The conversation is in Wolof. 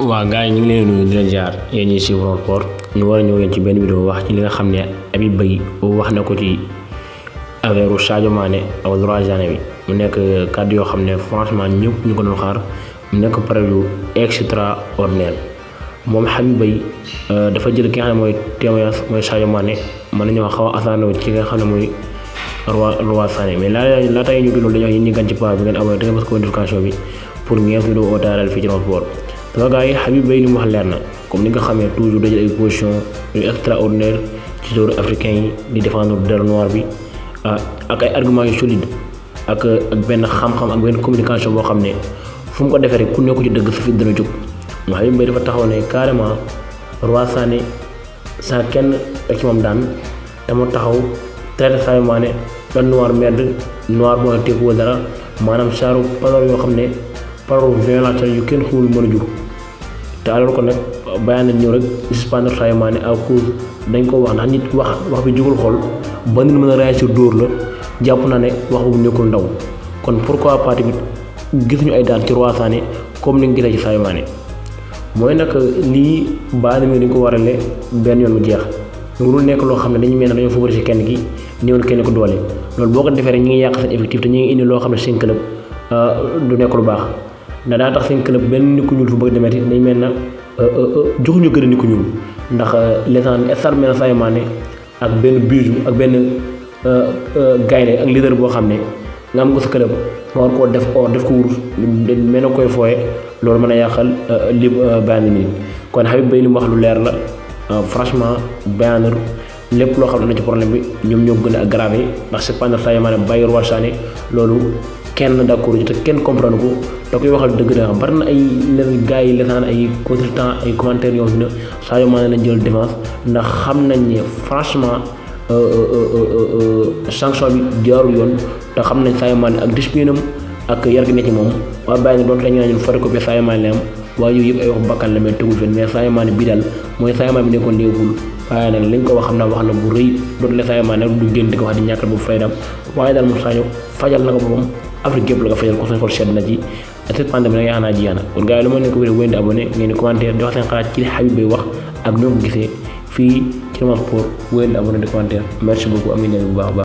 waaw gars yi ñu ngi leen nuyu di leen jaar yéen ñi si World Sport ñu war a ñëw yéen ci benn vidéo wax ci li nga xam ne Habib Beye wax na ko ci affaire Sadio Mané ak droit jaune bi mu nekk kàddu yoo xam ne franchement ñëpp ñu ko doon xaar mu nekk prélude extraordinaire moom Habib Beye euh, dafa jël ki nga xam ne mooy témoignage mooy Sadio Mané mën nañu wax xaw a asaanoo ci nga xam ne mooy roi roi Sané mais laata laata ñu gënoon dañuy bi pour ngeen fi vidéo au taaral fii ci nga gars yi Habib Beye li mu wax leer na comme ni nga xamee toujours dajal ay position yu extraordinaire ci joueurs africain yi di défendre dara noir bi ah, ak ay arguments yu solide ak ak benn xam-xam ak benn communication boo xam ne fu mu ko defee rek ku nekk ci dëgg sa fit dana jóg moo Habib Beye dafa taxaw ne carrément Roi Sané saa kenn rek ci moom daan dama taxaw traité Sadio Mané la noir merde noir bu nga teekuwul dara maanaam saaru paloor yoo xam ne par violence yu kenn xamul mën a jur te alors ko nag bàyyi na ñëw rek suspendre traitement ne à cause dañ ko wax ndax nit wax wax bi jugul xol ba nit mën a réagir la jàpp naa ne wax bu nekkul ndaw kon pour pourquoi pas tamit gisuñu ay daan ci Roi Sané comme ni nga gisee ci Sadio Mané mooy nag lii baal mi dañ ko warale benn yoon mu jeex loolu nekk loo xam ne dañu mel ne dañoo favoriser kenn gi ki néewal kenn ko doole loolu boo ko defee rek ñu ngi yàq seen effectif indi loo xam ne seen club euh, du nekk lu baax. ne daa tax seen club benn nit ku ñuul fu bëgg demee it dañ mel na euh, euh, euh, joxuñu gën a nit ñuul ndax l'instant star mel na Sadio ak benn bijou ak benn gaynde ak leader boo xam ne nga am ko sa club nga war koo def or def ko wurus mel na koy fooye loolu mën a yàqal li Bayern nii kon Habib Beye li mu wax lu leer la franchement Bayern lépp loo xam ne ci problème bi ñoom ñoo gën a aggravé ndax c'est pas Sadio Mané bàyyi Leroy Sané loolu. kenn d'accord te kenn ko da koy waxal dëgg da bari na ay leen gars ay consultant ay commentaires yoo xam ne Sadio Mané ndax xam nañ ne franchement euh, euh, euh, sanction bi jaarul yoon te xam nañ Sadio Mané ak discipline am ak yar gi ne ci moom waa bàyyi na doon dañu naan photocopie Sadio Mané am waaye yooyu yëpp ay wax bakkan la mais tegul fen mais Sadio Mané bii ko wax xam naa wax na bu rëy dootu la Sadio Mané du génn di ko wax di ñàkkal bu faydam daal moom Sadio fajal na ko boppam afrique gépp la ko fajal ku seen xol sedd na ci cette pandémie nga ana ji yaana kon gaay lu ma ne ko wéré wéndi abonné ngeen ni commentaire di wax seen xalaat ci li Habib Beye wax ak ñoom ko gisee fii ci Rmah pour wéndi abonné di commentaire merci beaucoup amina bu baax baax